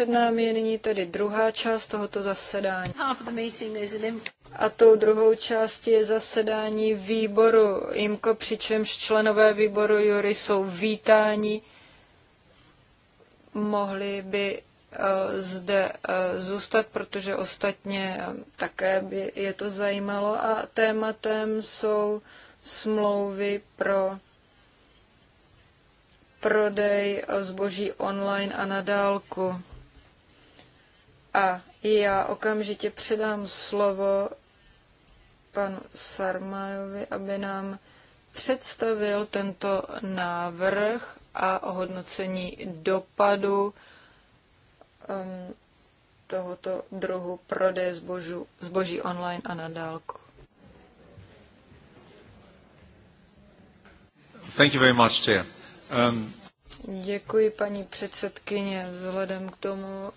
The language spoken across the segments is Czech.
Před námi je nyní tedy druhá část tohoto zasedání. A tou druhou částí je zasedání výboru IMKO, přičemž členové výboru Jury jsou vítáni. Mohli by eh, zde eh, zůstat, protože ostatně eh, také by je to zajímalo. A tématem jsou smlouvy pro prodej zboží online a na dálku. A já okamžitě předám slovo panu Sarmajovi, aby nám představil tento návrh a ohodnocení dopadu um, tohoto druhu prodeje zbožu, zboží online a na dálku. Thank you very much, Chair. Um, Děkuji, paní předsedkyně. Vzhledem k tomu,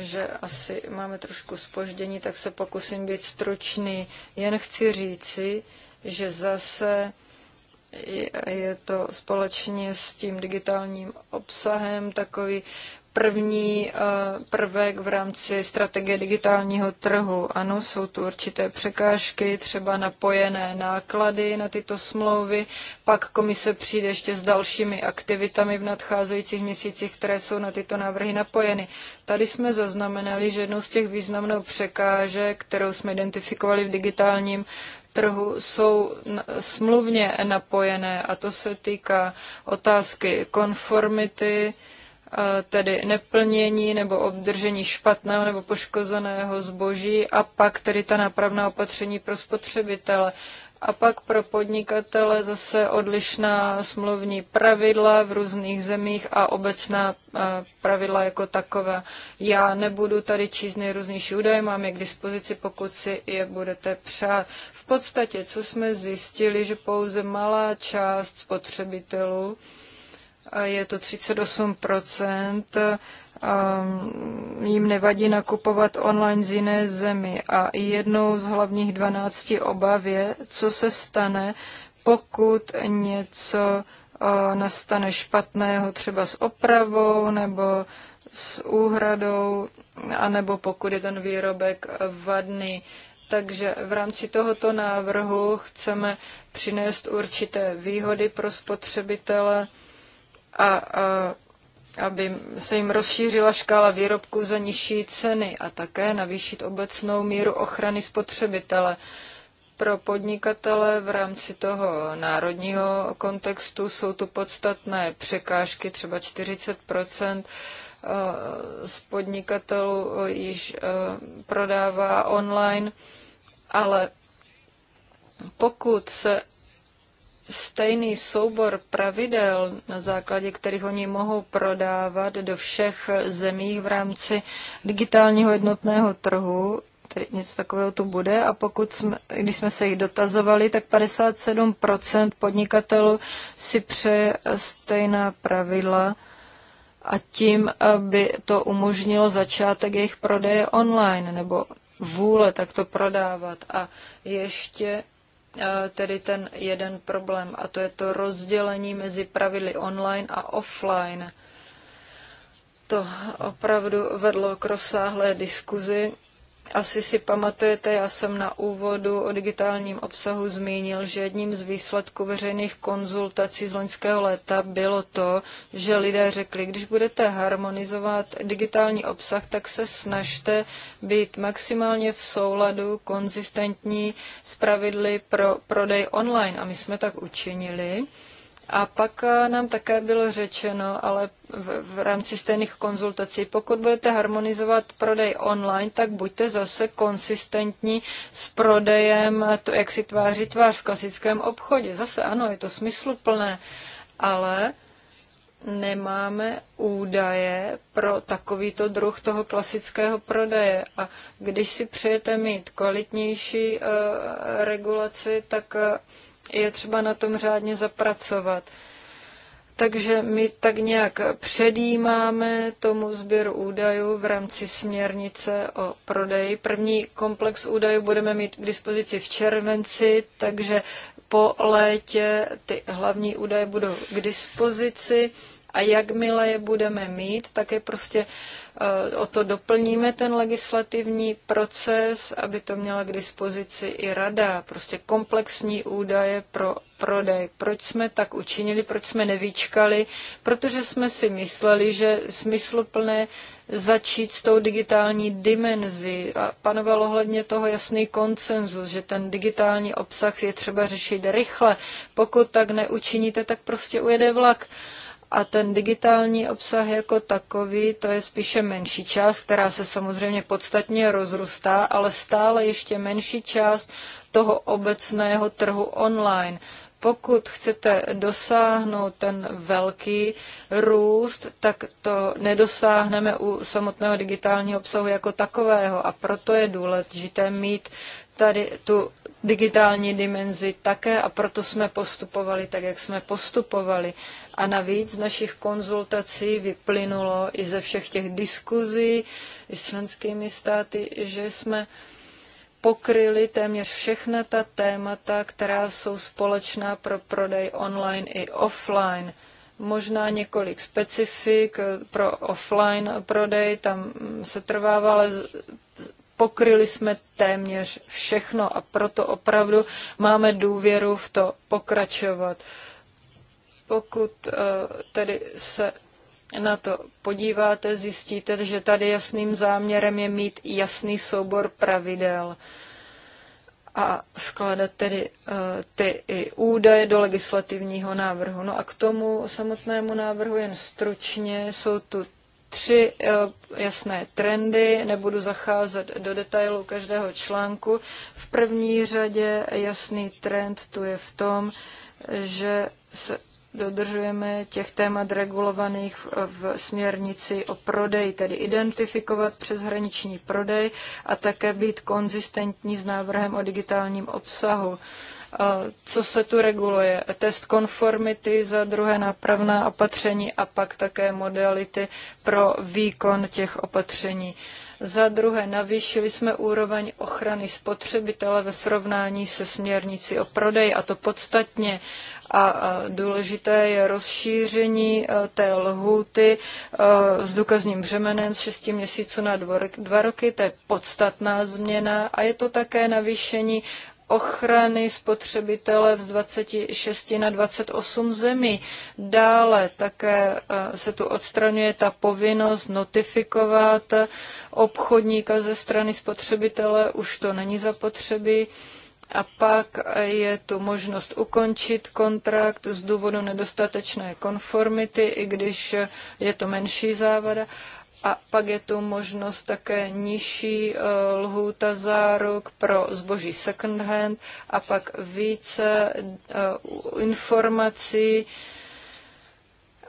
že asi máme trošku spoždění, tak se pokusím být stručný. Jen chci říci, že zase je to společně s tím digitálním obsahem takový první eh, prvek v rámci strategie digitálního trhu. Ano, jsou tu určité překážky, třeba napojené náklady na tyto smlouvy, pak komise přijde ještě s dalšími aktivitami v nadcházejících měsících, které jsou na tyto návrhy napojeny. Tady jsme zaznamenali, že jednou z těch významnou překážek, kterou jsme identifikovali v digitálním trhu jsou smluvně napojené a to se týká otázky konformity, Eh, tedy neplnění nebo obdržení špatného nebo poškozeného zboží a pak tedy ta nápravná opatření pro spotřebitele. A pak pro podnikatele zase odlišná smluvní pravidla v různých zemích a obecná eh, pravidla jako takové. Já nebudu tady číst nejrůznější údaje, mám je k dispozici, pokud si je budete přát. V podstatě, co jsme zjistili, že pouze malá část spotřebitelů, je to 38 mm, jim nevadí nakupovat online z jiné zemi. A jednou z hlavních 12 obav je, co se stane, pokud něco nastane špatného, třeba s opravou nebo s úhradou, anebo pokud je ten výrobek vadný. Takže v rámci tohoto návrhu chceme přinést určité výhody pro spotřebitele a, a aby se jim rozšířila škála výrobků za nižší ceny a také navýšit obecnou míru ochrany spotřebitele. Pro podnikatele v rámci toho národního kontextu jsou tu podstatné překážky, třeba 40 z podnikatelů již prodává online, ale pokud se stejný soubor pravidel, na základě kterých oni mohou prodávat do všech zemí v rámci digitálního jednotného trhu, tedy něco takového tu bude. A pokud jsme, když jsme se jich dotazovali, tak 57% podnikatelů si přeje stejná pravidla a tím aby to umožnilo začátek jejich prodeje online nebo vůle tak to prodávat. A ještě Eh, tedy ten jeden problém, a to je to rozdělení mezi pravidly online a offline. To opravdu vedlo k rozsáhlé diskuzi asi si pamatujete, já jsem na úvodu o digitálním obsahu zmínil, že jedním z výsledků veřejných konzultací z loňského léta bylo to, že lidé řekli, když budete harmonizovat digitální obsah, tak se snažte být maximálně v souladu, konzistentní s pravidly pro prodej online. A my jsme tak učinili. A pak eh, nám také bylo řečeno, ale v, v rámci stejných konzultací, pokud budete harmonizovat prodej online, tak buďte zase konsistentní s prodejem, to, jak si tváří tvář v klasickém obchodě. Zase ano, je to smysluplné, ale nemáme údaje pro takovýto druh toho klasického prodeje. A když si přejete mít kvalitnější uh, regulaci, tak uh, je třeba na tom řádně zapracovat. Takže my tak nějak předjímáme tomu sběru údajů v rámci směrnice o prodeji. První komplex údajů budeme mít k dispozici v červenci, takže po létě ty hlavní údaje budou k dispozici a jakmile je budeme mít, tak je prostě eh, o to doplníme ten legislativní proces, aby to měla k dispozici i rada. Prostě komplexní údaje pro prodej. Proč jsme tak učinili, proč jsme nevyčkali? Protože jsme si mysleli, že smysluplné začít s tou digitální dimenzi. A panoval ohledně toho jasný konsenzus, že ten digitální obsah je třeba řešit rychle. Pokud tak neučiníte, tak prostě ujede vlak a ten digitální obsah jako takový, to je spíše menší část, která se samozřejmě podstatně rozrůstá, ale stále ještě menší část toho obecného trhu online. Pokud chcete dosáhnout ten velký růst, tak to nedosáhneme u samotného digitálního obsahu jako takového. A proto je důležité mít tady tu digitální dimenzi také a proto jsme postupovali tak, jak jsme postupovali. A navíc z našich konzultací vyplynulo i ze všech těch diskuzí s členskými státy, že jsme pokryli téměř všechna ta témata, která jsou společná pro prodej online i offline možná několik specifik pro offline prodej, tam se trvávalo. ale pokryli jsme téměř všechno a proto opravdu máme důvěru v to pokračovat. Pokud eh, tedy se na to podíváte, zjistíte, že tady jasným záměrem je mít jasný soubor pravidel a vkládat tedy eh, ty i údaje do legislativního návrhu. No a k tomu samotnému návrhu jen stručně jsou tu tři eh, jasné trendy, nebudu zacházet do detailu každého článku. V první řadě jasný trend tu je v tom, že se dodržujeme těch témat regulovaných v směrnici o prodej, tedy identifikovat přeshraniční prodej a také být konzistentní s návrhem o digitálním obsahu co se tu reguluje. Test konformity, za druhé nápravná opatření a pak také modality pro výkon těch opatření. Za druhé, navýšili jsme úroveň ochrany spotřebitele ve srovnání se směrnici o prodeji, a to podstatně. A důležité je rozšíření e, té lhůty e, s důkazním břemenem z 6 měsíců na 2 roky, to je podstatná změna. A je to také navýšení ochrany spotřebitele z 26 na 28 zemí. Dále také eh, se tu odstraňuje ta povinnost notifikovat obchodníka ze strany spotřebitele, už to není zapotřebí. A pak je tu možnost ukončit kontrakt z důvodu nedostatečné konformity, i když je to menší závada. A pak je tu možnost také nižší eh, lhůta záruk pro zboží second hand a pak více eh, informací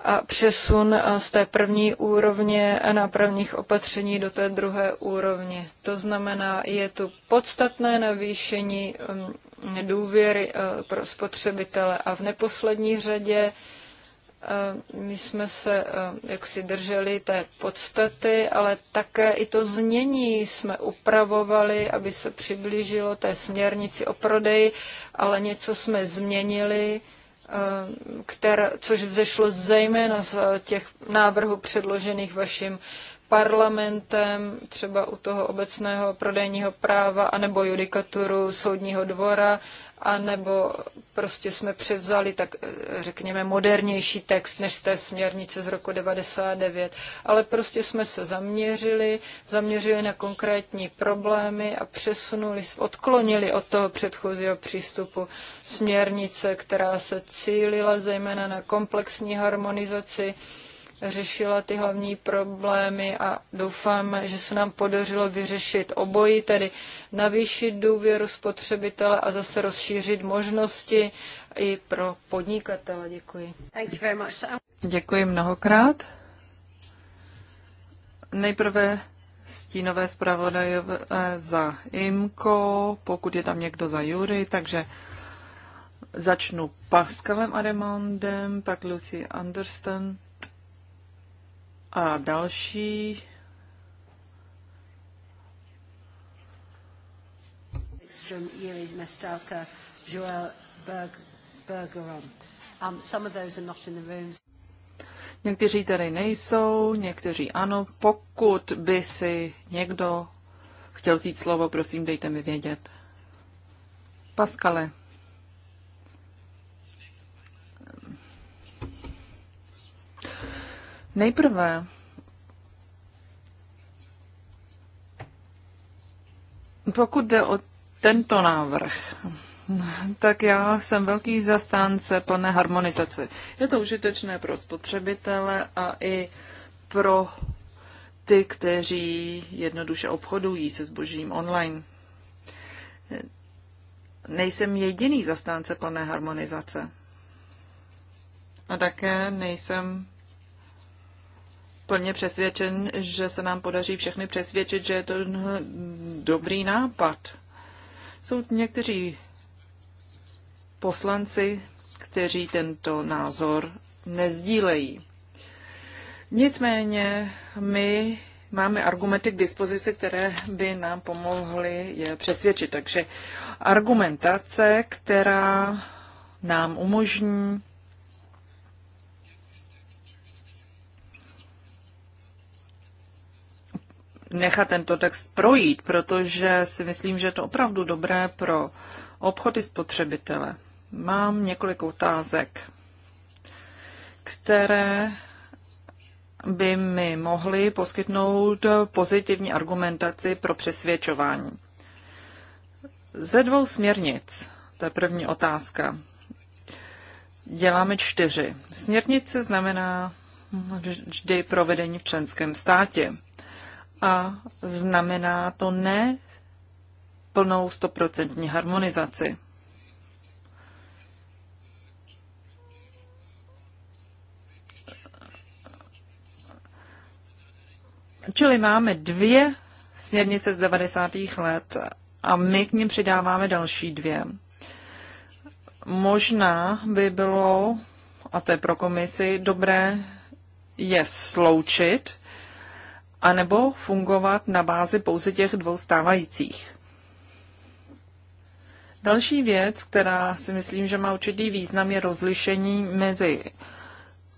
a přesun eh, z té první úrovně nápravních opatření do té druhé úrovně. To znamená, je tu podstatné navýšení mm, důvěry pro spotřebitele a v neposlední řadě Eh, my jsme se eh, jaksi drželi té podstaty, ale také i to znění jsme upravovali, aby se přiblížilo té směrnici o prodeji, ale něco jsme změnili, eh, které, což vzešlo zejména z těch návrhů předložených vaším parlamentem, třeba u toho obecného prodejního práva, anebo judikaturu soudního dvora, a nebo prostě jsme převzali tak, eh, řekněme, modernější text než z té směrnice z roku 99, ale prostě jsme se zaměřili, zaměřili na konkrétní problémy a přesunuli, odklonili od toho předchozího přístupu směrnice, která se cílila zejména na komplexní harmonizaci řešila ty hlavní problémy a doufám, že se nám podařilo vyřešit obojí, tedy navýšit důvěru spotřebitele a zase rozšířit možnosti i pro podnikatele. Děkuji. Děkuji mnohokrát. Nejprve stínové zpravodajové za IMKO, pokud je tam někdo za Jury, takže začnu Pascalem Aremondem, pak Lucy Anderson a další Iris Mestalka, Joel Berg, Bergeron. Um, some of those are not in the rooms. Někteří tady nejsou, někteří ano. Pokud by si někdo chtěl vzít slovo, prosím, dejte mi vědět. Paskale. Nejprve Pokud jde o tento návrh, tak já jsem velký zastánce plné harmonizace. Je to užitečné pro spotřebitele a i pro ty, kteří jednoduše obchodují se zbožím online. Nejsem jediný zastánce plné harmonizace. A také nejsem plně přesvědčen, že se nám podaří všechny přesvědčit, že je to dobrý nápad. Jsou někteří poslanci, kteří tento názor nezdílejí. Nicméně my máme argumenty k dispozici, které by nám pomohly je přesvědčit. Takže argumentace, která nám umožní nechat tento text projít, protože si myslím, že je to opravdu dobré pro obchody spotřebitele. Mám několik otázek, které by mi mohly poskytnout pozitivní argumentaci pro přesvědčování. Ze dvou směrnic, to je první otázka, děláme čtyři. Směrnice znamená vždy provedení v členském státě a znamená to ne plnou stoprocentní harmonizaci. Čili máme dvě směrnice z 90. let a my k ním přidáváme další dvě. Možná by bylo, a to je pro komisi, dobré je sloučit, anebo fungovat na bázi pouze těch dvou stávajících. Další věc, která si myslím, že má určitý význam, je rozlišení mezi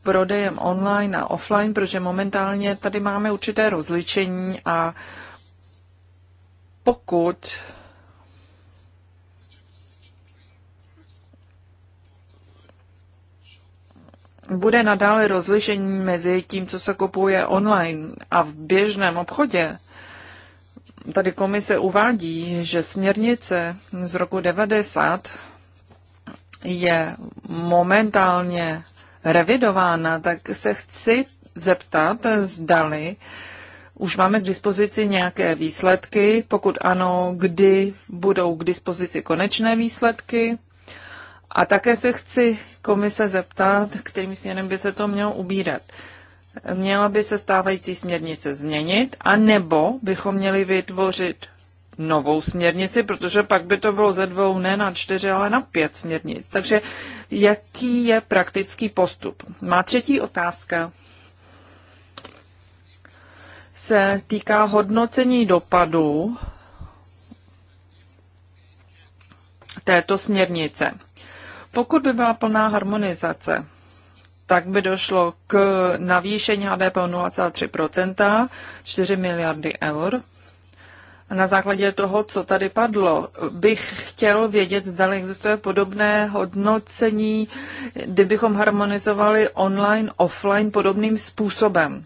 prodejem online a offline, protože momentálně tady máme určité rozličení a pokud bude nadále rozlišení mezi tím, co se kupuje online a v běžném obchodě. Tady komise uvádí, že směrnice z roku 90 je momentálně revidována, tak se chci zeptat, zdali už máme k dispozici nějaké výsledky, pokud ano, kdy budou k dispozici konečné výsledky a také se chci komise zeptat, kterým směrem by se to mělo ubírat. Měla by se stávající směrnice změnit, anebo bychom měli vytvořit novou směrnici, protože pak by to bylo ze dvou, ne na čtyři, ale na pět směrnic. Takže jaký je praktický postup? Má třetí otázka se týká hodnocení dopadu této směrnice. Pokud by byla plná harmonizace, tak by došlo k navýšení HDP o 0,3 4 miliardy eur. A na základě toho, co tady padlo, bych chtěl vědět, zda existuje podobné hodnocení, kdybychom harmonizovali online, offline podobným způsobem.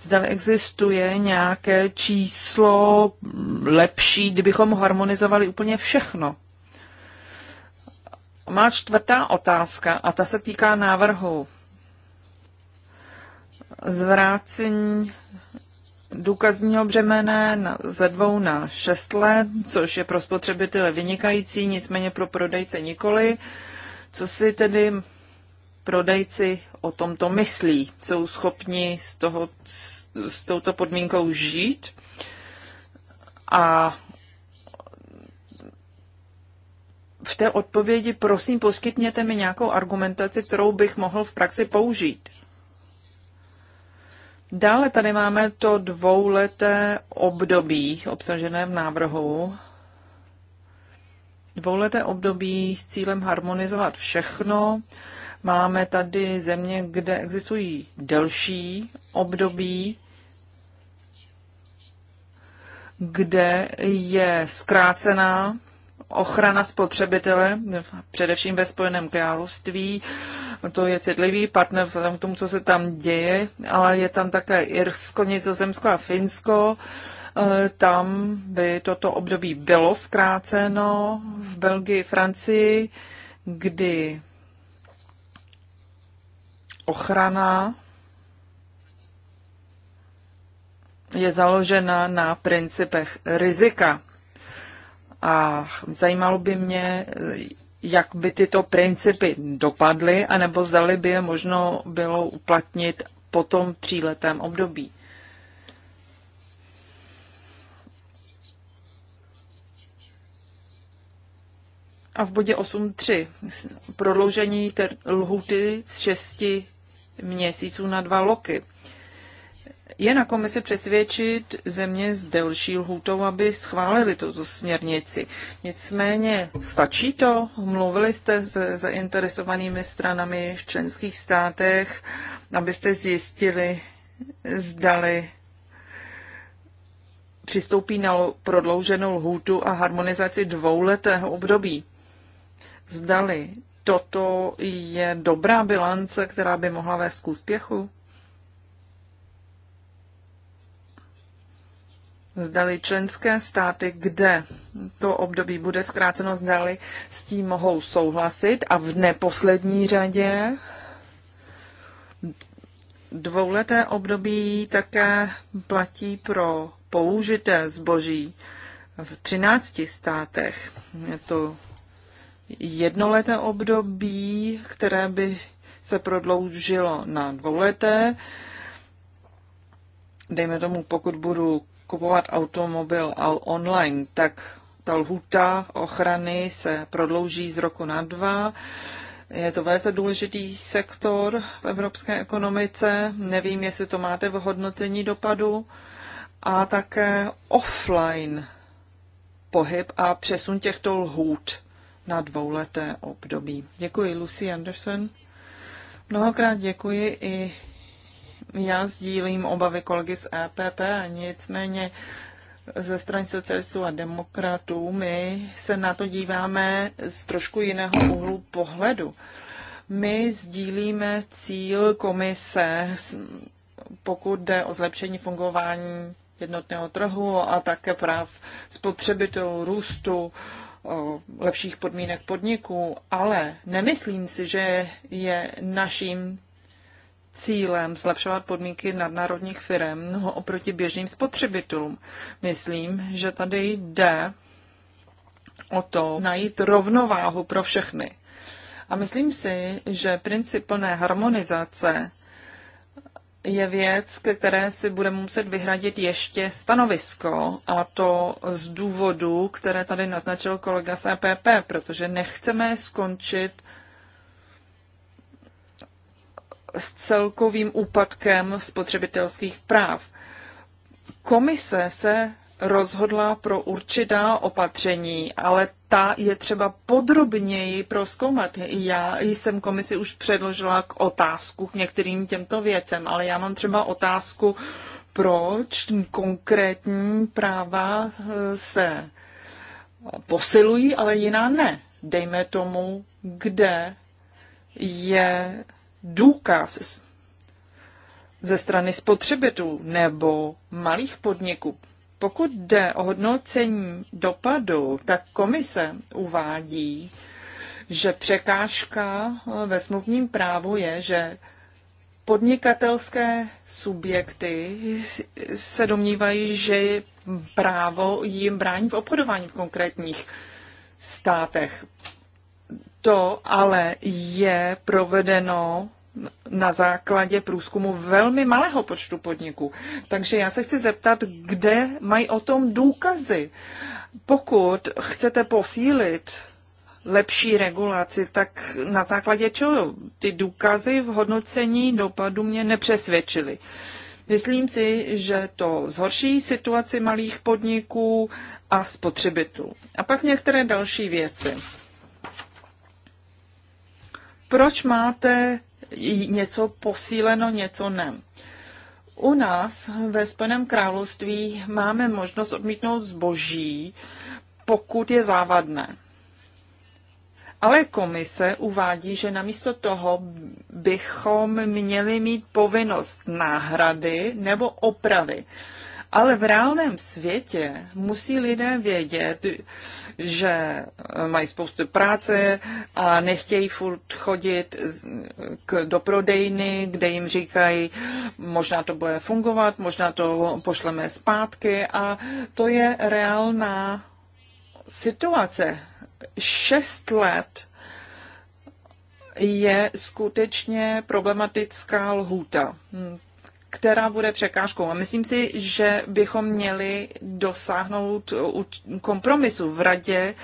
Zda existuje nějaké číslo lepší, kdybychom harmonizovali úplně všechno. Má čtvrtá otázka a ta se týká návrhu zvrácení důkazního břemene ze dvou na šest let, což je pro spotřebitele vynikající, nicméně pro prodejce nikoli. Co si tedy prodejci o tomto myslí? Jsou schopni s, toho, s, s touto podmínkou žít? A v té odpovědi prosím poskytněte mi nějakou argumentaci, kterou bych mohl v praxi použít. Dále tady máme to dvouleté období obsažené v návrhu. Dvouleté období s cílem harmonizovat všechno. Máme tady země, kde existují delší období, kde je zkrácená ochrana spotřebitele, především ve Spojeném království. To je citlivý partner vzhledem k tomu, co se tam děje, ale je tam také Irsko, Nizozemsko a Finsko. E, tam by toto období bylo zkráceno v Belgii, Francii, kdy ochrana je založena na principech rizika. A zajímalo by mě, jak by tyto principy dopadly, anebo zdali by je možno bylo uplatnit po tom tříletém období. A v bodě 8.3 prodloužení ter- lhuty z 6 měsíců na dva loky. Je na komisi přesvědčit země s delší lhůtou, aby schválili tuto směrnici. Nicméně stačí to? Mluvili jste se zainteresovanými stranami v členských státech, abyste zjistili, zdali přistoupí na prodlouženou lhůtu a harmonizaci dvouletého období. Zdali toto je dobrá bilance, která by mohla vést k úspěchu? zdali členské státy, kde to období bude zkráceno, zdali s tím mohou souhlasit a v neposlední řadě dvouleté období také platí pro použité zboží v 13 státech. Je to jednoleté období, které by se prodloužilo na dvouleté. Dejme tomu, pokud budu kupovat automobil online, tak ta lhuta ochrany se prodlouží z roku na dva. Je to velice důležitý sektor v evropské ekonomice. Nevím, jestli to máte v hodnocení dopadu. A také offline pohyb a přesun těchto lhůt na dvouleté období. Děkuji, Lucy Anderson. Mnohokrát děkuji i já sdílím obavy kolegy z EPP, nicméně ze strany socialistů a demokratů my se na to díváme z trošku jiného úhlu pohledu. My sdílíme cíl komise, pokud jde o zlepšení fungování jednotného trhu a také práv spotřebitelů, růstu, lepších podmínek podniků, ale nemyslím si, že je naším cílem zlepšovat podmínky nadnárodních firm oproti běžným spotřebitelům. Myslím, že tady jde o to najít rovnováhu pro všechny. A myslím si, že princip plné harmonizace je věc, ke které si budeme muset vyhradit ještě stanovisko, a to z důvodu, které tady naznačil kolega z EPP, protože nechceme skončit s celkovým úpadkem spotřebitelských práv. Komise se rozhodla pro určitá opatření, ale ta je třeba podrobněji proskoumat. Já jsem komisi už předložila k otázku k některým těmto věcem, ale já mám třeba otázku, proč konkrétní práva eh, se posilují, ale jiná ne. Dejme tomu, kde je důkaz ze strany spotřebitelů nebo malých podniků. Pokud jde o hodnocení dopadu, tak komise uvádí, že překážka ve smluvním právu je, že podnikatelské subjekty se domnívají, že právo jim brání v obchodování v konkrétních státech. To ale je provedeno na základě průzkumu velmi malého počtu podniků. Takže já se chci zeptat, kde mají o tom důkazy. Pokud chcete posílit lepší regulaci, tak na základě čeho? Ty důkazy v hodnocení dopadu mě nepřesvědčily. Myslím si, že to zhorší situaci malých podniků a spotřebitelů. A pak některé další věci. Proč máte něco posíleno, něco ne? U nás ve Spojeném království máme možnost odmítnout zboží, pokud je závadné. Ale komise uvádí, že namísto toho bychom měli mít povinnost náhrady nebo opravy. Ale v reálném světě musí lidé vědět, že mají spoustu práce a nechtějí furt chodit k, do prodejny, kde jim říkají, možná to bude fungovat, možná to pošleme zpátky a to je reálná situace. Šest let je skutečně problematická lhůta která bude překážkou. A myslím si, že bychom měli dosáhnout kompromisu. V radě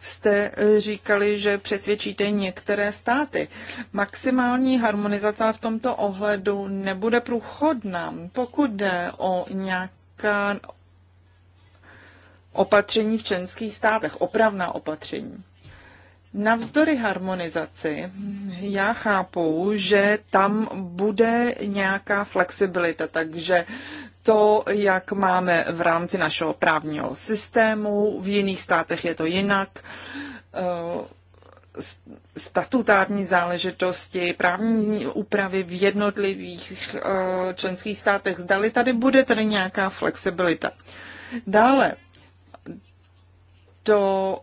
jste říkali, že přesvědčíte některé státy. Maximální harmonizace v tomto ohledu nebude průchodná. Pokud jde o nějaká opatření v členských státech, opravná opatření. Navzdory harmonizaci, já chápu, že tam bude nějaká flexibilita, takže to, jak máme v rámci našeho právního systému, v jiných státech je to jinak, eh, statutární záležitosti, právní úpravy v jednotlivých eh, členských státech, zdali tady bude tedy nějaká flexibilita. Dále, do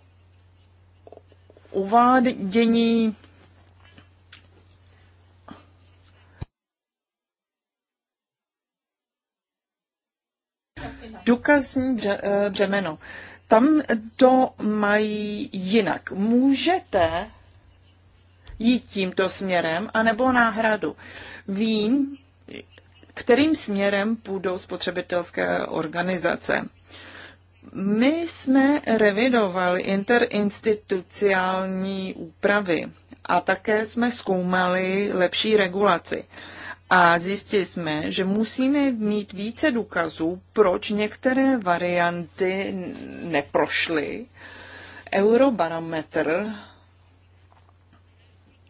uvádění důkazní bře, eh, břemeno. Tam to mají jinak. Můžete jít tímto směrem, anebo náhradu. Vím, kterým směrem půjdou spotřebitelské organizace. My jsme revidovali interinstitucionální úpravy a také jsme zkoumali lepší regulaci. A zjistili jsme, že musíme mít více důkazů, proč některé varianty neprošly. Eurobarometr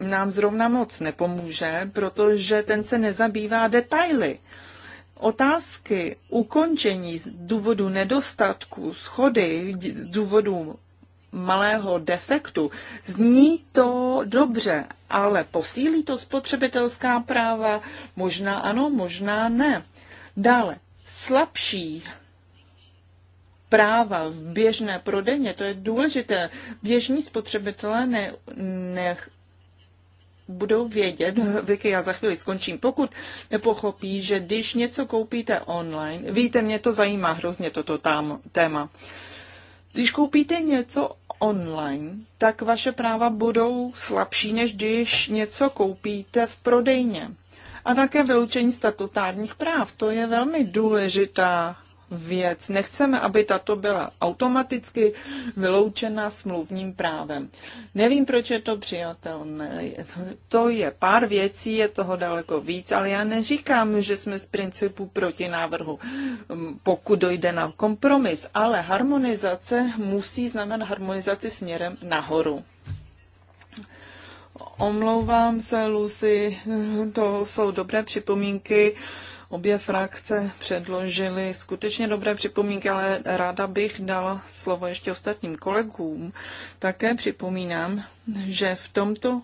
nám zrovna moc nepomůže, protože ten se nezabývá detaily. Otázky ukončení z důvodu nedostatku, schody, z důvodu malého defektu. Zní to dobře, ale posílí to spotřebitelská práva? Možná ano, možná ne. Dále, slabší práva v běžné prodejně, to je důležité. Běžní spotřebitelé ne, ne, budou vědět, Vicky, já za chvíli skončím, pokud nepochopí, že když něco koupíte online, víte, mě to zajímá hrozně toto tam, téma, když koupíte něco online, tak vaše práva budou slabší, než když něco koupíte v prodejně. A také vyloučení statutárních práv. To je velmi důležitá věc. Nechceme, aby tato byla automaticky vyloučena smluvním právem. Nevím, proč je to přijatelné. To je pár věcí, je toho daleko víc, ale já neříkám, že jsme z principu proti návrhu, mm, pokud dojde na kompromis, ale harmonizace musí znamenat harmonizaci směrem nahoru. Omlouvám se, Lucy, to jsou dobré připomínky. Obě frakce předložily skutečně dobré připomínky, ale ráda bych dala slovo ještě ostatním kolegům. Také připomínám, že v tomto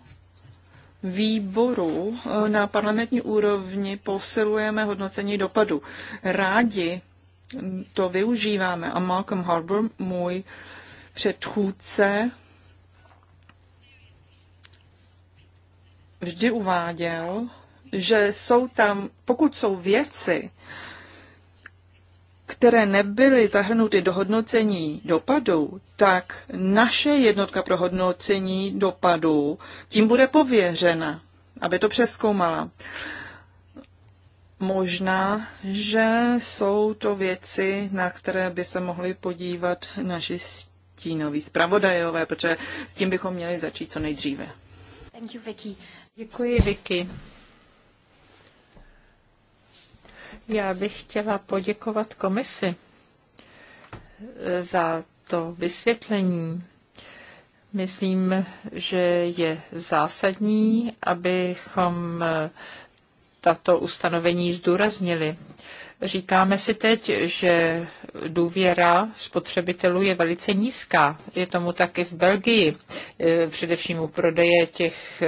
výboru eh, na parlamentní úrovni posilujeme hodnocení dopadu. Rádi to využíváme a Malcolm Harbour, můj předchůdce, vždy uváděl, že jsou tam, pokud jsou věci, které nebyly zahrnuty do hodnocení dopadů, tak naše jednotka pro hodnocení dopadů tím bude pověřena, aby to přeskoumala. Možná, že jsou to věci, na které by se mohli podívat naši stínoví zpravodajové, protože s tím bychom měli začít co nejdříve. Thank you, Vicky. Děkuji, Vicky. Já bych chtěla poděkovat komisi eh, za to vysvětlení. Myslím, že je zásadní, abychom eh, tato ustanovení zdůraznili. Říkáme si teď, že důvěra spotřebitelů je velice nízká. Je tomu taky v Belgii, eh, především u prodeje těch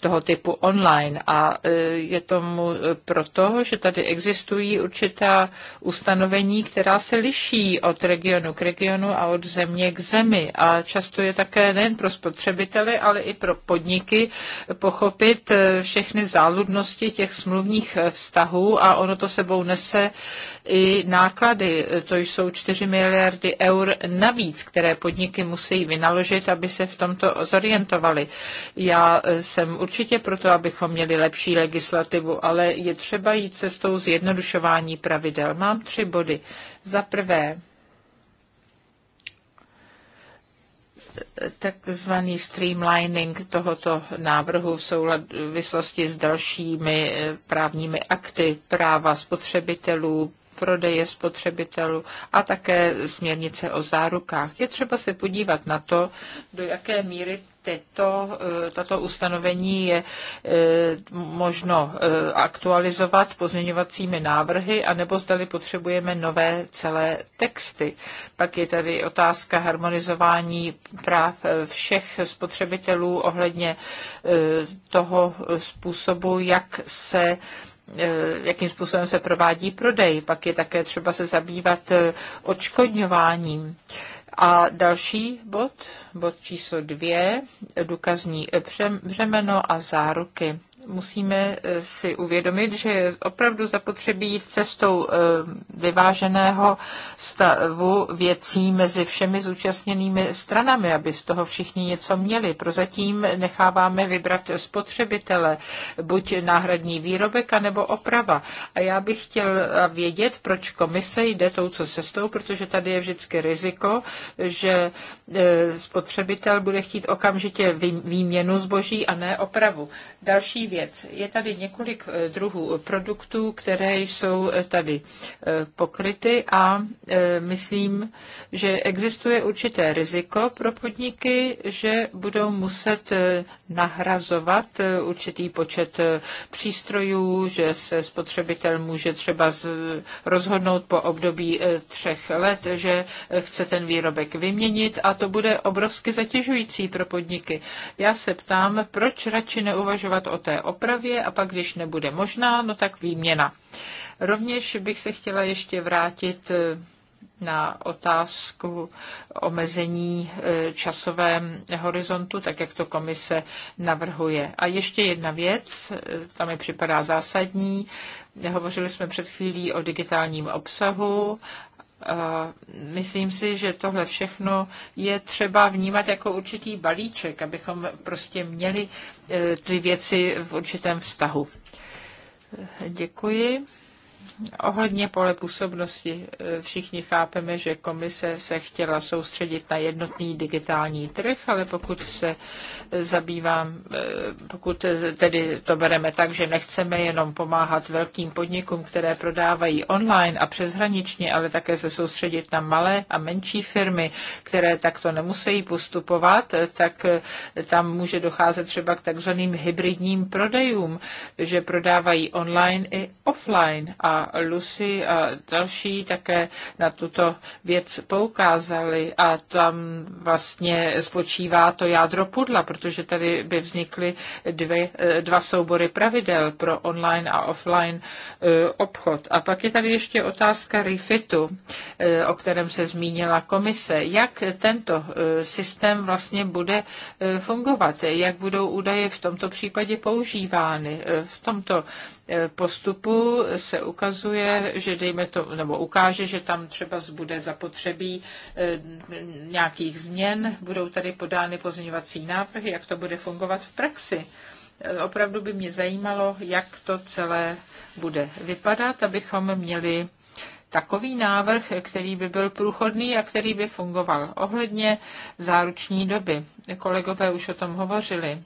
toho typu online. A e, je tomu e, proto, že tady existují určitá ustanovení, která se liší od regionu k regionu a od země k zemi. A často je také nejen pro spotřebitele, ale i pro podniky pochopit e, všechny záludnosti těch smluvních vztahů a ono to sebou nese i náklady. To jsou 4 miliardy eur navíc, které podniky musí vynaložit, aby se v tomto zorientovali. Já jsem určitě proto, abychom měli lepší legislativu, ale je třeba jít cestou zjednodušování pravidel. Mám tři body. Za prvé, takzvaný streamlining tohoto návrhu v souvislosti s dalšími eh, právními akty práva spotřebitelů, prodeje spotřebitelů a také směrnice o zárukách. Je třeba se podívat na to, do jaké míry tato, eh, tato ustanovení je eh, možno eh, aktualizovat pozměňovacími návrhy, anebo zdali potřebujeme nové celé texty. Pak je tady otázka harmonizování práv všech spotřebitelů ohledně toho způsobu, jak se Eh, jakým způsobem se provádí prodej. Pak je také třeba se zabývat eh, odškodňováním. A další bod, bod číslo dvě, důkazní eh, břemeno a záruky musíme eh, si uvědomit, že je opravdu zapotřebí jít cestou eh, vyváženého stavu věcí mezi všemi zúčastněnými stranami, aby z toho všichni něco měli. Prozatím necháváme vybrat spotřebitele, buď náhradní výrobek, anebo oprava. A já bych chtěl vědět, proč komise jde touto cestou, protože tady je vždycky riziko, že eh, spotřebitel bude chtít okamžitě výměnu zboží a ne opravu. Další věc věc. Je tady několik eh, druhů produktů, které jsou eh, tady eh, pokryty a myslím, že existuje určité riziko pro podniky, že budou muset nahrazovat eh, určitý počet eh, přístrojů, že se spotřebitel může třeba rozhodnout po období eh, třech let, že chce ten výrobek vyměnit a to bude obrovsky zatěžující pro podniky. Já se ptám, proč radši neuvažovat o té opravě a pak, když nebude možná, no tak výměna. Rovněž bych se chtěla ještě vrátit na otázku omezení e, časovém horizontu, tak jak to komise navrhuje. A ještě jedna věc, e, tam mi připadá zásadní. Hovořili jsme před chvílí o digitálním obsahu myslím si, že tohle všechno je třeba vnímat jako určitý balíček, abychom prostě měli e, ty věci v určitém vztahu. Děkuji. Ohledně pole působnosti eh, všichni chápeme, že komise se chtěla soustředit na jednotný digitální trh, ale pokud se zabývám, eh, pokud tedy to bereme tak, že nechceme jenom pomáhat velkým podnikům, které prodávají online a přeshraničně, ale také se soustředit na malé a menší firmy, které takto nemusí postupovat, eh, tak tam může docházet třeba k takzvaným hybridním prodejům, že prodávají online i offline a Lucy a další také na tuto věc poukázali a tam vlastně spočívá to jádro pudla, protože tady by vznikly dvě, dva soubory pravidel pro online a offline e, obchod. A pak je tady ještě otázka refitu, e, o kterém se zmínila komise. Jak tento e, systém vlastně bude fungovat? Jak budou údaje v tomto případě používány? V tomto Eh, postupu se ukazuje, že dejme to, nebo ukáže, že tam třeba bude zapotřebí eh, nějakých změn, budou tady podány pozměňovací návrhy, jak to bude fungovat v praxi. Eh, opravdu by mě zajímalo, jak to celé bude vypadat, abychom měli takový návrh, který by byl průchodný a který by fungoval ohledně záruční doby. Kolegové už o tom hovořili.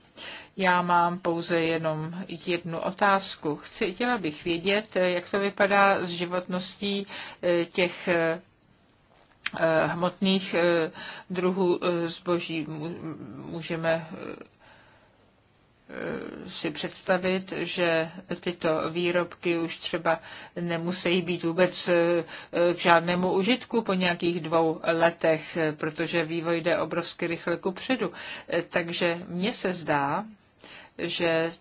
Já mám pouze jenom jednu otázku. Chci, chtěla bych vědět, jak to vypadá s životností eh, těch eh, eh, hmotných druhů zboží. Můžeme si představit, že tyto výrobky už třeba nemusí být vůbec k žádnému užitku po nějakých dvou letech, protože vývoj jde obrovsky rychle ku předu. Takže mně se zdá, že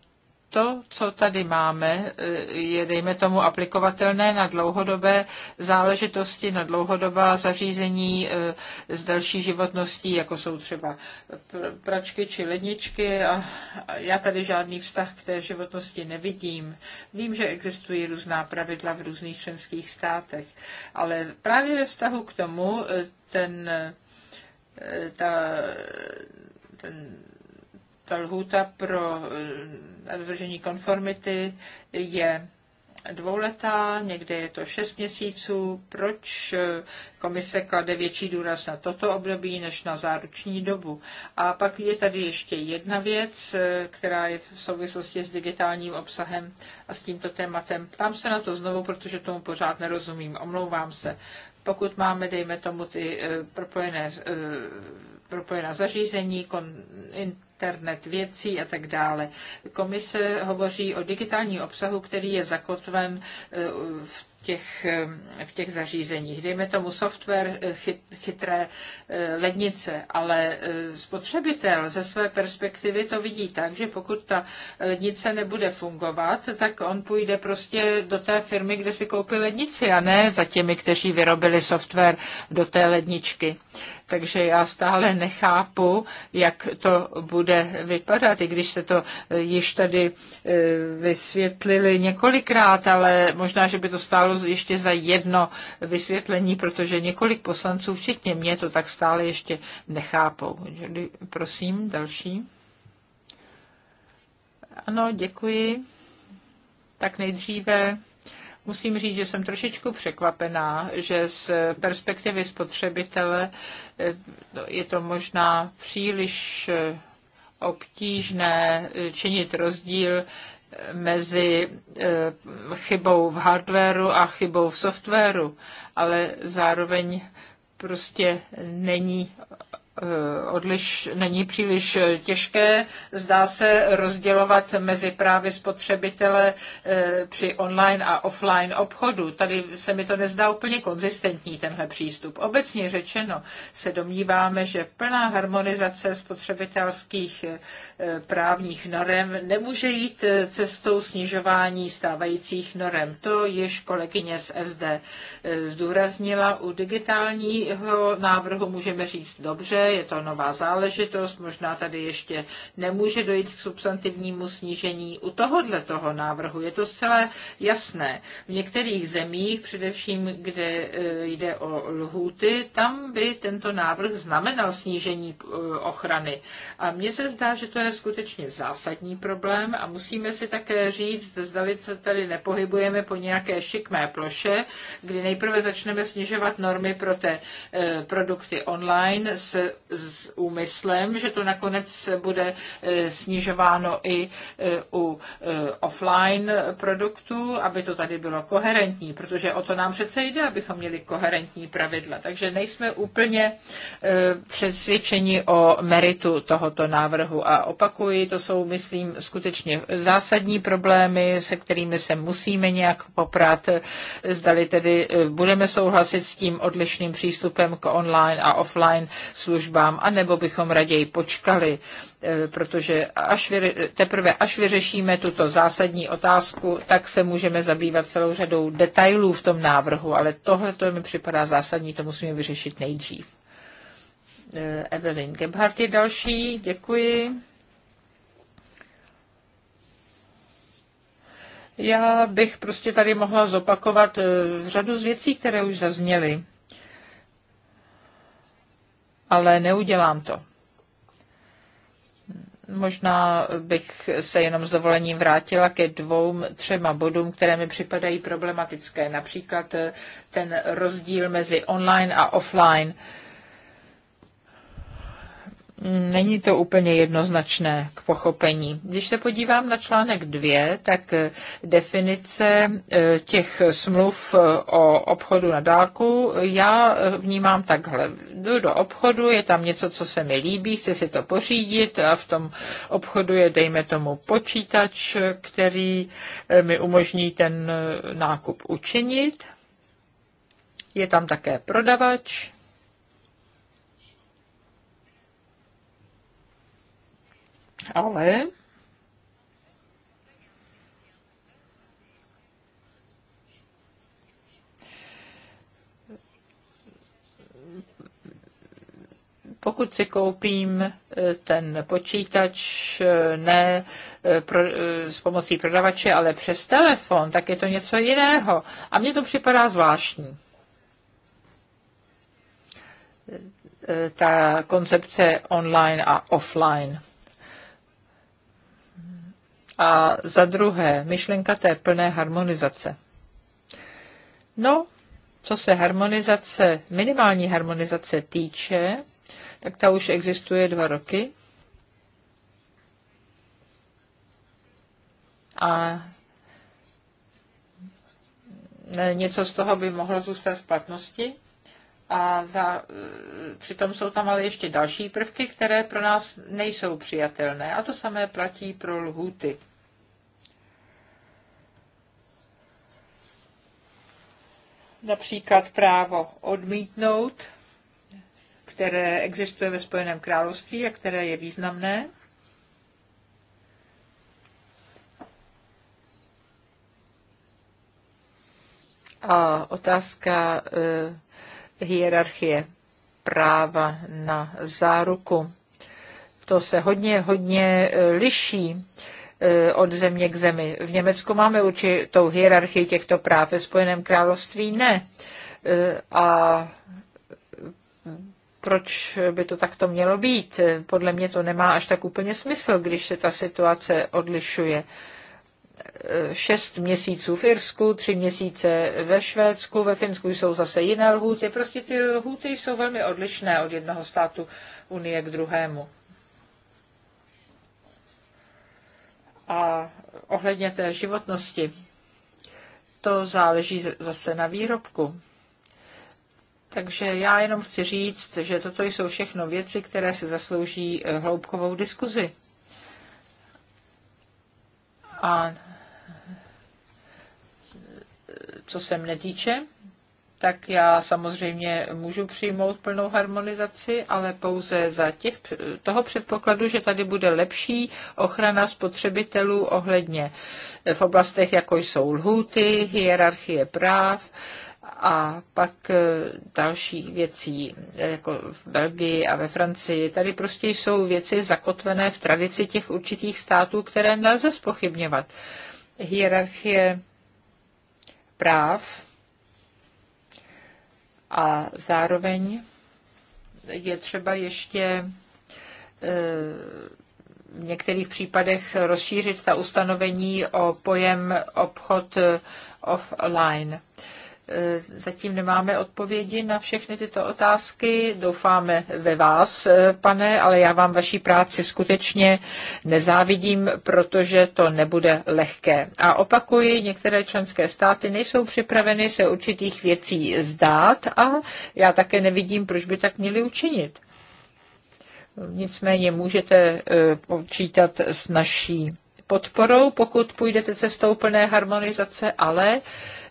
to, co tady máme, je, dejme tomu, aplikovatelné na dlouhodobé záležitosti, na dlouhodobá zařízení eh, s další životností, jako jsou třeba pračky či ledničky. A já tady žádný vztah k té životnosti nevidím. Vím, že existují různá pravidla v různých členských státech, ale právě ve vztahu k tomu eh, ten, eh, ta, ten ta lhůta pro navržení eh, konformity je dvouletá, někde je to šest měsíců. Proč eh, komise klade větší důraz na toto období než na záruční dobu? A pak je tady ještě jedna věc, eh, která je v souvislosti s digitálním obsahem a s tímto tématem. Ptám se na to znovu, protože tomu pořád nerozumím. Omlouvám se. Pokud máme, dejme tomu, ty propojené propojená zařízení, kon, in, internet věcí a tak dále. Komise hovoří o digitální obsahu, který je zakotven e, v těch, e, v těch zařízeních. Dejme tomu software, e, chyt, chytré lednice, ale spotřebitel ze své perspektivy to vidí tak, že pokud ta lednice nebude fungovat, tak on půjde prostě do té firmy, kde si koupí lednici a ne za těmi, kteří vyrobili software do té ledničky takže já stále nechápu, jak to bude vypadat, i když se to eh, již tady eh, vysvětlili několikrát, ale možná, že by to stálo ještě za jedno vysvětlení, protože několik poslanců, včetně mě, to tak stále ještě nechápou. Prosím, další. Ano, děkuji. Tak nejdříve musím říct, že jsem trošičku překvapená, že z perspektivy spotřebitele eh, je to možná příliš eh, obtížné eh, činit rozdíl mezi chybou v hardwareu a chybou v softwaru, ale zároveň prostě není Eh, odliš, není příliš těžké. Zdá se rozdělovat mezi právy spotřebitele eh, při online a offline obchodu. Tady se mi to nezdá úplně konzistentní, tenhle přístup. Obecně řečeno se domníváme, že plná harmonizace spotřebitelských eh, právních norem nemůže jít cestou snižování stávajících norem. To již kolegyně z SD zdůraznila. U digitálního návrhu můžeme říct dobře, je to nová záležitost, možná tady ještě nemůže dojít k substantivnímu snížení. U tohohle toho návrhu je to zcela jasné. V některých zemích, především kde eh, jde o lhůty, tam by tento návrh znamenal snížení eh, ochrany. A mně se zdá, že to je skutečně zásadní problém a musíme si také říct, zda se tady nepohybujeme po nějaké šikmé ploše, kdy nejprve začneme snižovat normy pro te eh, produkty online s s úmyslem, že to nakonec bude e, snižováno i e, u e, offline produktů, aby to tady bylo koherentní, protože o to nám přece jde, abychom měli koherentní pravidla. Takže nejsme úplně přesvědčeni o meritu tohoto návrhu. A opakuji, to jsou, myslím, skutečně zásadní problémy, se kterými se musíme nějak poprat, zdali tedy budeme souhlasit s tím odlišným přístupem k online a offline službám službám, anebo bychom raději počkali, eh, protože až vyře- teprve až vyřešíme tuto zásadní otázku, tak se můžeme zabývat celou řadou detailů v tom návrhu, ale tohle to mi připadá zásadní, to musíme vyřešit nejdřív. Eh, Evelyn Gebhardt je další, děkuji. Já bych prostě tady mohla zopakovat eh, řadu z věcí, které už zazněly ale neudělám to. Možná bych se jenom s dovolením vrátila ke dvou, třema bodům, které mi připadají problematické. Například eh, ten rozdíl mezi online a offline. Uh, není to úplně jednoznačné k pochopení. Když se podívám na článek 2, tak eh, definice eh, těch smluv eh, o obchodu na dálku já vnímám takhle. Jdu do obchodu, je tam něco, co se mi líbí, chci si to pořídit a v tom obchodu je, dejme tomu, počítač, který mi umožní ten nákup učinit. Je tam také prodavač, Ale pokud si koupím eh, ten počítač eh, ne eh, pro, s pomocí prodavače, ale přes telefon, tak je to něco jiného. A mně to připadá zvláštní. Ta koncepce online a offline. A za druhé, myšlenka té plné harmonizace. No, co se harmonizace, minimální harmonizace týče, tak ta už existuje dva roky. A něco z toho by mohlo zůstat v platnosti. A za, e, přitom jsou tam ale ještě další prvky, které pro nás nejsou přijatelné. A to samé platí pro lhuty. například právo odmítnout, které existuje ve Spojeném království a které je významné. A otázka e, hierarchie práva na záruku. To se hodně, hodně eh, liší. E, Eh, od země k zemi. V Německu máme určitou hierarchii těchto práv, ve Spojeném království ne. Eh, a proč by to takto mělo být? Podle mě to nemá až tak úplně smysl, když se ta situace odlišuje. Eh, šest měsíců v Irsku, tři měsíce ve Švédsku, ve Finsku jsou zase jiné lhůty. Prostě ty lhůty jsou velmi odlišné od jednoho státu Unie k druhému. A ohledně té životnosti, to záleží zase na výrobku. Takže já jenom chci říct, že toto jsou všechno věci, které se zaslouží eh, hloubkovou diskuzi. A eh, co se mne týče, tak já samozřejmě můžu přijmout plnou harmonizaci, ale pouze za těch, toho předpokladu, že tady bude lepší ochrana spotřebitelů ohledně eh, v oblastech, jako jsou lhůty, hierarchie práv, a pak eh, dalších věcí, eh, jako v Belgii a ve Francii. Tady prostě jsou věci zakotvené v tradici těch určitých států, které nelze spochybňovat. Hierarchie práv a zároveň je třeba ještě e, v některých případech rozšířit ta ustanovení o pojem obchod offline. E, zatím nemáme odpovědi na všechny tyto otázky. Doufáme ve vás, e, pane, ale já vám vaší práci skutečně nezávidím, protože to nebude lehké. A opakuji, některé členské státy nejsou připraveny se určitých věcí zdát a já také nevidím, proč by tak měli učinit. Nicméně můžete e, počítat s naší podporou, pokud půjdete cestou plné harmonizace, ale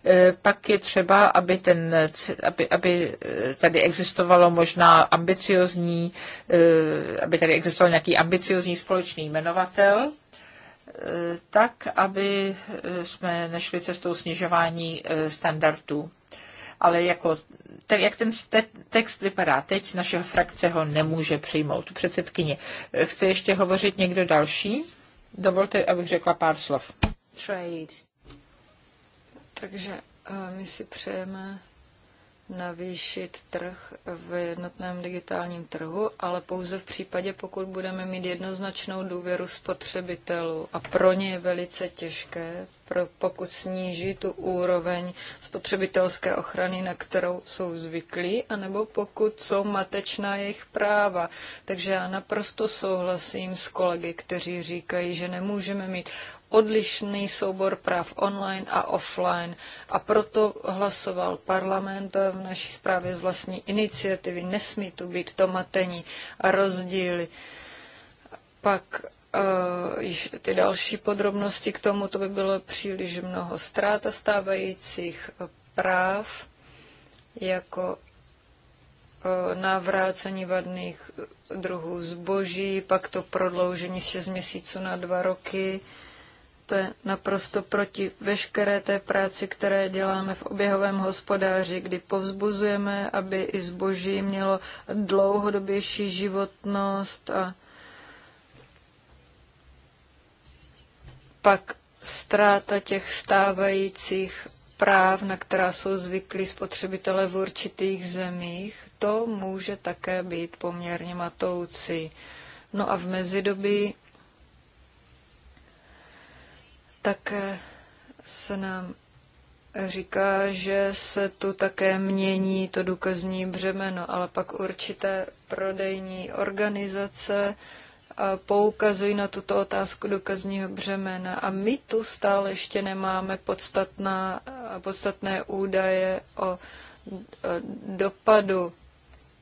e, pak je třeba, aby, ten, aby, aby e, tady existovalo možná ambiciozní, e, aby tady existoval nějaký ambiciozní společný jmenovatel, tak, aby jsme nešli cestou snižování standardů. Ale jako, tak jak ten text vypadá teď, naše frakce ho nemůže přijmout. Předsedkyně, chce ještě hovořit někdo další? Dovolte, abych řekla pár slov. Trade. Takže eh, my si přejeme navýšit trh v jednotném digitálním trhu, ale pouze v případě, pokud budeme mít jednoznačnou důvěru spotřebitelů. A pro ně je velice těžké, pro, pokud sníží tu úroveň spotřebitelské ochrany, na kterou jsou zvyklí, anebo pokud jsou matečná jejich práva. Takže já naprosto souhlasím s kolegy, kteří říkají, že nemůžeme mít odlišný soubor práv online a offline. A proto hlasoval parlament v naší zprávě z vlastní iniciativy. Nesmí tu být to matení a rozdíly. Pak Uh, již ty další podrobnosti k tomu, to by bylo příliš mnoho a stávajících eh, práv, jako eh, navrácení vadných druhů zboží, pak to prodloužení z 6 měsíců na 2 roky, to je naprosto proti veškeré té práci, které děláme v oběhovém hospodáři, kdy povzbuzujeme, aby i zboží mělo dlouhodobější životnost a pak ztráta těch stávajících práv, na která jsou zvyklí spotřebitele v určitých zemích, to může také být poměrně matoucí. No a v mezidobí také eh, se nám říká, že se tu také mění to důkazní břemeno, ale pak určité prodejní organizace eh, poukazují na tuto otázku důkazního břemena a my tu stále ještě nemáme podstatná, eh, podstatné údaje o dopadu.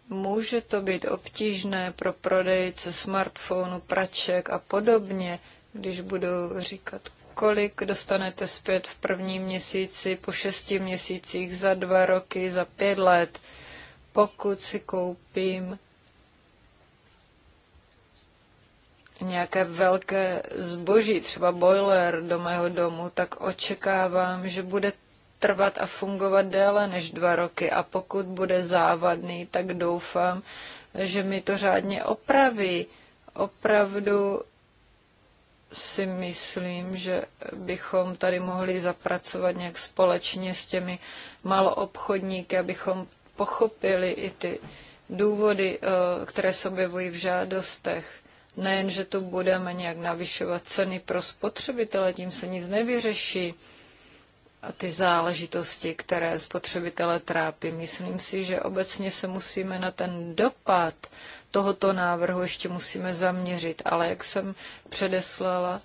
Může to být obtížné pro prodejce smartphonu, praček a podobně, když budou říkat kolik dostanete zpět v prvním měsíci, po šesti měsících, za dva roky, za pět let, pokud si koupím nějaké velké zboží, třeba boiler do mého domu, tak očekávám, že bude trvat a fungovat déle než dva roky a pokud bude závadný, tak doufám, že mi to řádně opraví. Opravdu si myslím, že bychom tady mohli zapracovat nějak společně s těmi maloobchodníky, abychom pochopili i ty důvody, eh, které se objevují v žádostech. Nejen, že tu budeme nějak navyšovat ceny pro spotřebitele, tím se nic nevyřeší a ty záležitosti, které spotřebitele trápí. Myslím si, že obecně se musíme na ten dopad tohoto návrhu ještě musíme zaměřit. Ale jak jsem předeslala,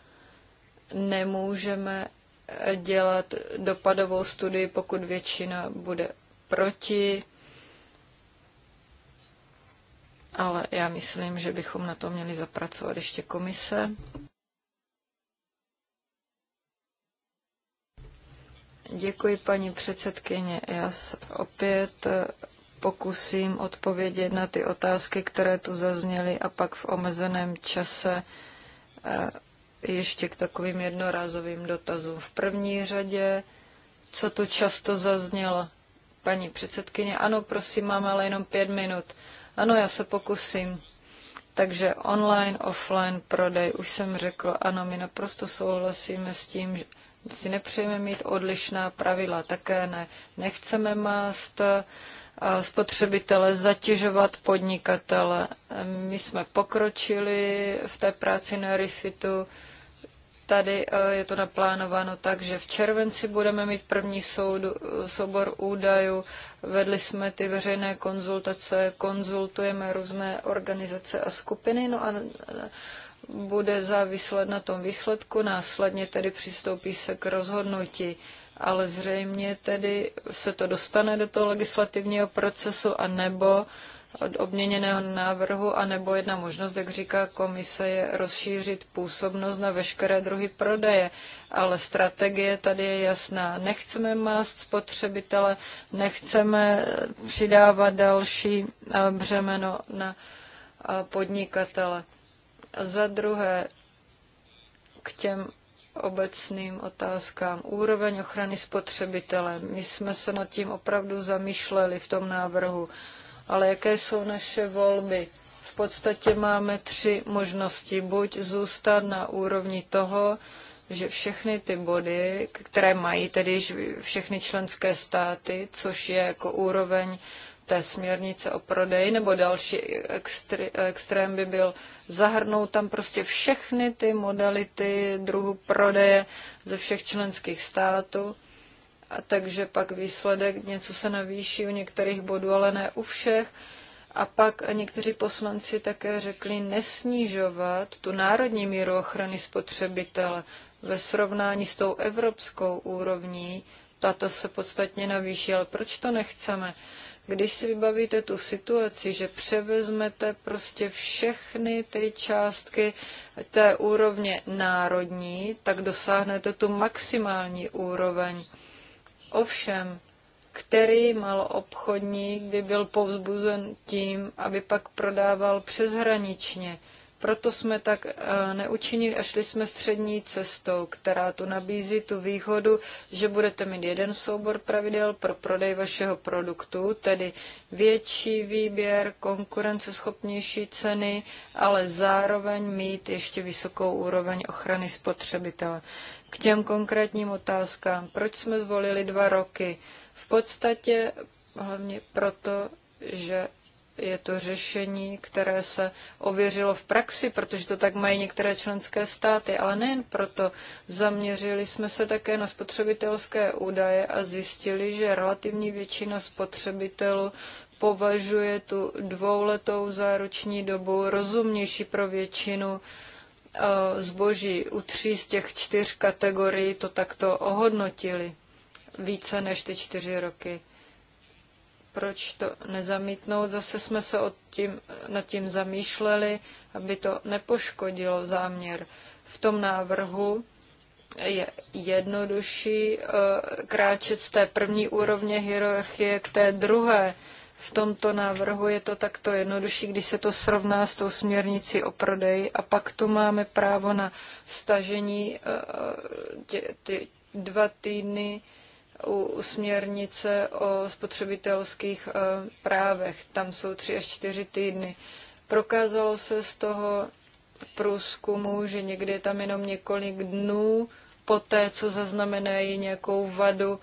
nemůžeme eh, dělat dopadovou studii, pokud většina bude proti. Ale já myslím, že bychom na to měli zapracovat ještě komise. Děkuji, paní předsedkyně. Já opět eh, pokusím odpovědět na ty otázky, které tu zazněly a pak v omezeném čase eh, ještě k takovým jednorázovým dotazům. V první řadě, co tu často zaznělo, paní předsedkyně, ano, prosím, máme ale jenom pět minut. Ano, já se pokusím. Takže online, offline prodej, už jsem řekla, ano, my naprosto souhlasíme s tím, že si nepřejeme mít odlišná pravidla, také ne. Nechceme mást spotřebitele, zatěžovat podnikatele. My jsme pokročili v té práci na Rifitu. Tady e, je to naplánováno tak, že v červenci budeme mít první soudu, soubor údajů. Vedli jsme ty veřejné konzultace, konzultujeme různé organizace a skupiny. No a e, bude závislet na tom výsledku, následně tedy přistoupí se k rozhodnutí ale zřejmě tedy se to dostane do toho legislativního procesu a nebo od obměněného návrhu, nebo jedna možnost, jak říká komise, je rozšířit působnost na veškeré druhy prodeje. Ale strategie tady je jasná. Nechceme mást spotřebitele, nechceme přidávat další eh, břemeno na eh, podnikatele. Za druhé, k těm obecným otázkám. Úroveň ochrany spotřebitele. My jsme se nad tím opravdu zamýšleli v tom návrhu. Ale jaké jsou naše volby? V podstatě máme tři možnosti. Buď zůstat na úrovni toho, že všechny ty body, které mají tedy všechny členské státy, což je jako úroveň té směrnice o prodeji, nebo další extré, extrém by byl zahrnout tam prostě všechny ty modality druhu prodeje ze všech členských států. A takže pak výsledek něco se navýší u některých bodů, ale ne u všech. A pak a někteří poslanci také řekli nesnížovat tu národní míru ochrany spotřebitele ve srovnání s tou evropskou úrovní. Tato se podstatně navýší, ale proč to nechceme? Když si vybavíte tu situaci, že převezmete prostě všechny ty částky té úrovně národní, tak dosáhnete tu maximální úroveň. Ovšem, který maloobchodník by byl povzbuzen tím, aby pak prodával přeshraničně. Proto jsme tak eh, neučinili a šli jsme střední cestou, která tu nabízí tu výhodu, že budete mít jeden soubor pravidel pro prodej vašeho produktu, tedy větší výběr, konkurenceschopnější ceny, ale zároveň mít ještě vysokou úroveň ochrany spotřebitele. K těm konkrétním otázkám, proč jsme zvolili dva roky? V podstatě hlavně proto, že je to řešení, které se ověřilo v praxi, protože to tak mají některé členské státy, ale nejen proto. Zaměřili jsme se také na spotřebitelské údaje a zjistili, že relativní většina spotřebitelů považuje tu dvouletou záruční dobu rozumnější pro většinu eh, zboží. U tří z těch čtyř kategorií to takto ohodnotili více než ty čtyři roky proč to nezamítnout. Zase jsme se od tím, nad tím zamýšleli, aby to nepoškodilo záměr. V tom návrhu je jednodušší eh, kráčet z té první úrovně hierarchie k té druhé. V tomto návrhu je to takto jednodušší, když se to srovná s tou směrnicí o prodeji a pak tu máme právo na stažení eh, eh, tě, ty dva týdny u, směrnice o spotřebitelských eh, právech. Tam jsou tři až čtyři týdny. Prokázalo se z toho průzkumu, že někdy je tam jenom několik dnů po té, co zaznamenají nějakou vadu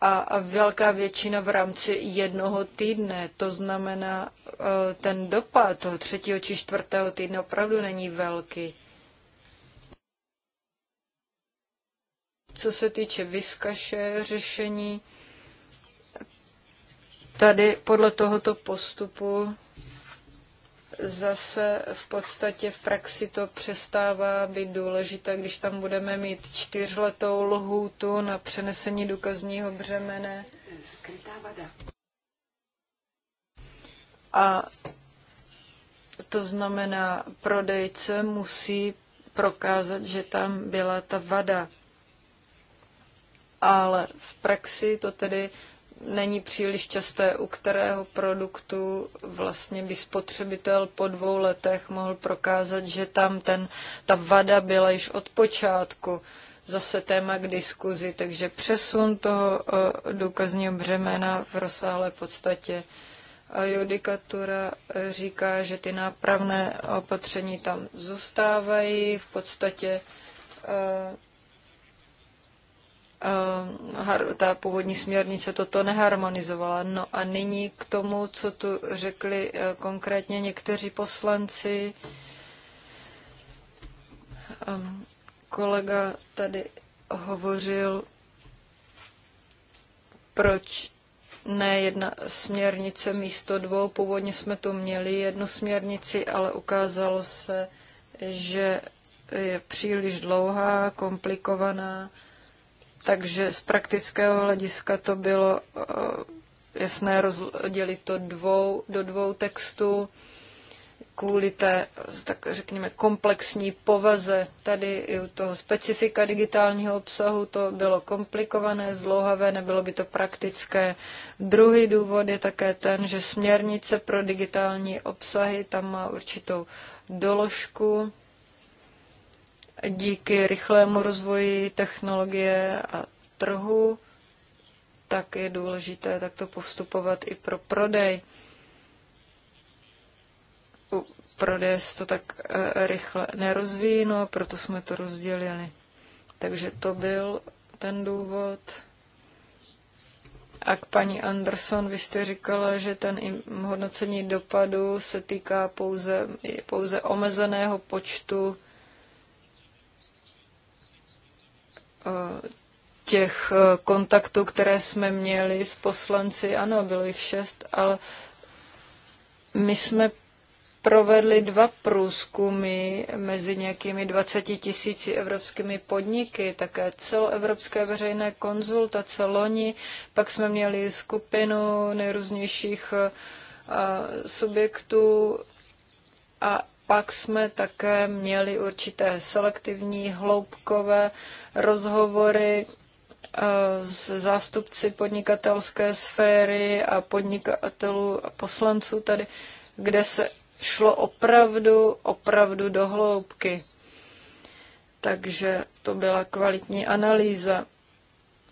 a, a velká většina v rámci jednoho týdne. To znamená, eh, ten dopad toho třetího či čtvrtého týdne opravdu není velký. Co se týče vyskaše řešení, tady podle tohoto postupu zase v podstatě v praxi to přestává být důležité, když tam budeme mít čtyřletou lhůtu na přenesení důkazního břemene. Skrytá vada. A to znamená, prodejce musí prokázat, že tam byla ta vada ale v praxi to tedy není příliš časté, u kterého produktu vlastně by spotřebitel po dvou letech mohl prokázat, že tam ten, ta vada byla již od počátku. Zase téma k diskuzi, takže přesun toho eh, důkazního břemena v rozsáhlé podstatě. A judikatura říká, že ty nápravné opatření tam zůstávají, v podstatě eh, Eh, ta původní směrnice toto neharmonizovala. No a nyní k tomu, co tu řekli eh, konkrétně někteří poslanci. Ehm, kolega tady hovořil, proč ne jedna směrnice místo dvou. Původně jsme tu měli jednu směrnici, ale ukázalo se, že je příliš dlouhá, komplikovaná takže z praktického hlediska to bylo eh, jasné rozdělit to dvou, do dvou textů kvůli té, tak řekněme, komplexní povaze. Tady i u toho specifika digitálního obsahu to bylo komplikované, zlouhavé, nebylo by to praktické. Druhý důvod je také ten, že směrnice pro digitální obsahy tam má určitou doložku, díky rychlému rozvoji technologie a trhu, tak je důležité takto postupovat i pro prodej. U prodeje se to tak eh, rychle nerozvíjí, no a proto jsme to rozdělili. Takže to byl ten důvod. A k paní Anderson, vy jste říkala, že ten hodnocení dopadu se týká pouze, pouze omezeného počtu Eh, těch eh, kontaktů, které jsme měli s poslanci, ano, bylo jich šest, ale my jsme provedli dva průzkumy mezi nějakými 20 tisíci evropskými podniky, také celoevropské veřejné konzultace loni, pak jsme měli skupinu nejrůznějších eh, subjektů a pak jsme také měli určité selektivní hloubkové rozhovory eh, s zástupci podnikatelské sféry a podnikatelů a poslanců tady, kde se šlo opravdu, opravdu do hloubky. Takže to byla kvalitní analýza.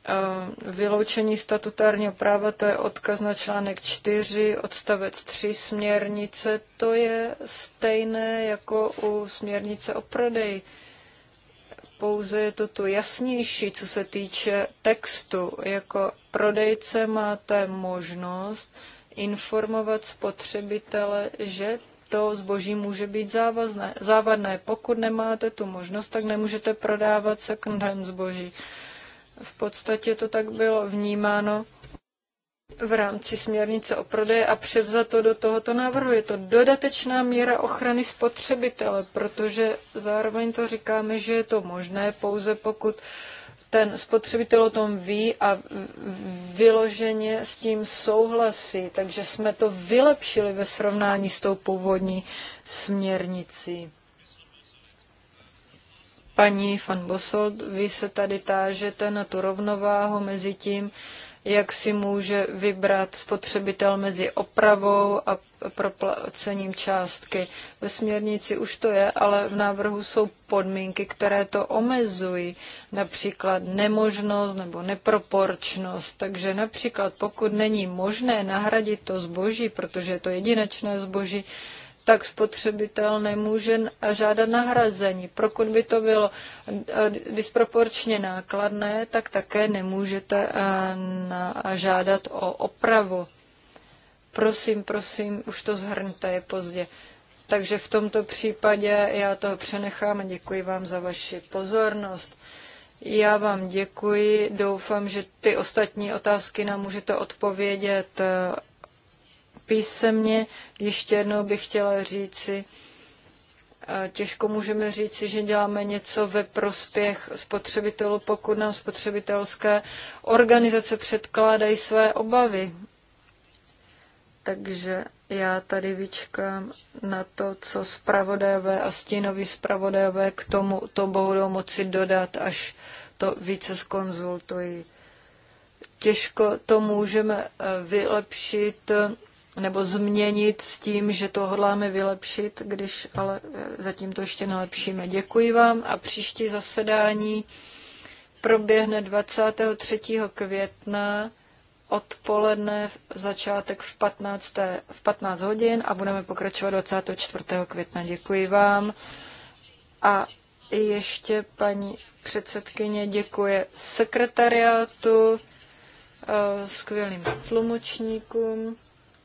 Eh, vyloučení statutárního práva, to je odkaz na článek 4, odstavec 3 směrnice, to je stejné jako u směrnice o prodeji. Pouze je to tu jasnější, co se týče textu. Jako prodejce máte možnost informovat spotřebitele, že to zboží může být závazné, závadné. Pokud nemáte tu možnost, tak nemůžete prodávat second-hand zboží. Uh, v podstatě to tak bylo vnímáno v rámci směrnice o prodeji a převzato do tohoto návrhu. Je to dodatečná míra ochrany spotřebitele, protože zároveň to říkáme, že je to možné pouze pokud ten spotřebitel o tom ví a vyloženě s tím souhlasí. Takže jsme to vylepšili ve srovnání s tou původní směrnicí. Paní van Bosold, vy se tady tážete na tu rovnováhu mezi tím, jak si může vybrat spotřebitel mezi opravou a proplacením částky. Ve směrnici už to je, ale v návrhu jsou podmínky, které to omezují, například nemožnost nebo neproporčnost. Takže například pokud není možné nahradit to zboží, protože je to jedinečné zboží, tak spotřebitel nemůže žádat nahrazení. Pokud by to bylo eh, disproporčně nákladné, tak také nemůžete eh, žádat o opravu. Prosím, prosím, už to zhrňte, je pozdě. Takže v tomto případě já to přenechám a děkuji vám za vaši pozornost. Já vám děkuji. Doufám, že ty ostatní otázky nám můžete odpovědět eh, písemně. Ještě jednou bych chtěla říci, Těžko můžeme říci, že děláme něco ve prospěch spotřebitelů, pokud nám spotřebitelské organizace předkládají své obavy. Takže já tady vyčkám na to, co zpravodajové a stínoví zpravodajové k tomu to budou moci dodat, až to více skonzultují. Těžko to můžeme eh, vylepšit nebo změnit s tím, že to hodláme vylepšit, když ale eh, zatím to ještě nelepšíme. Děkuji vám a příští zasedání proběhne 23. května odpoledne, začátek v 15, v 15 hodin a budeme pokračovat 24. května. Děkuji vám. A ještě paní předsedkyně děkuje sekretariátu, eh, skvělým tlumočníkům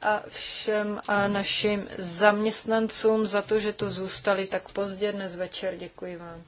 a všem a našim zaměstnancům za to, že tu zůstali tak pozdě dnes večer. Děkuji vám.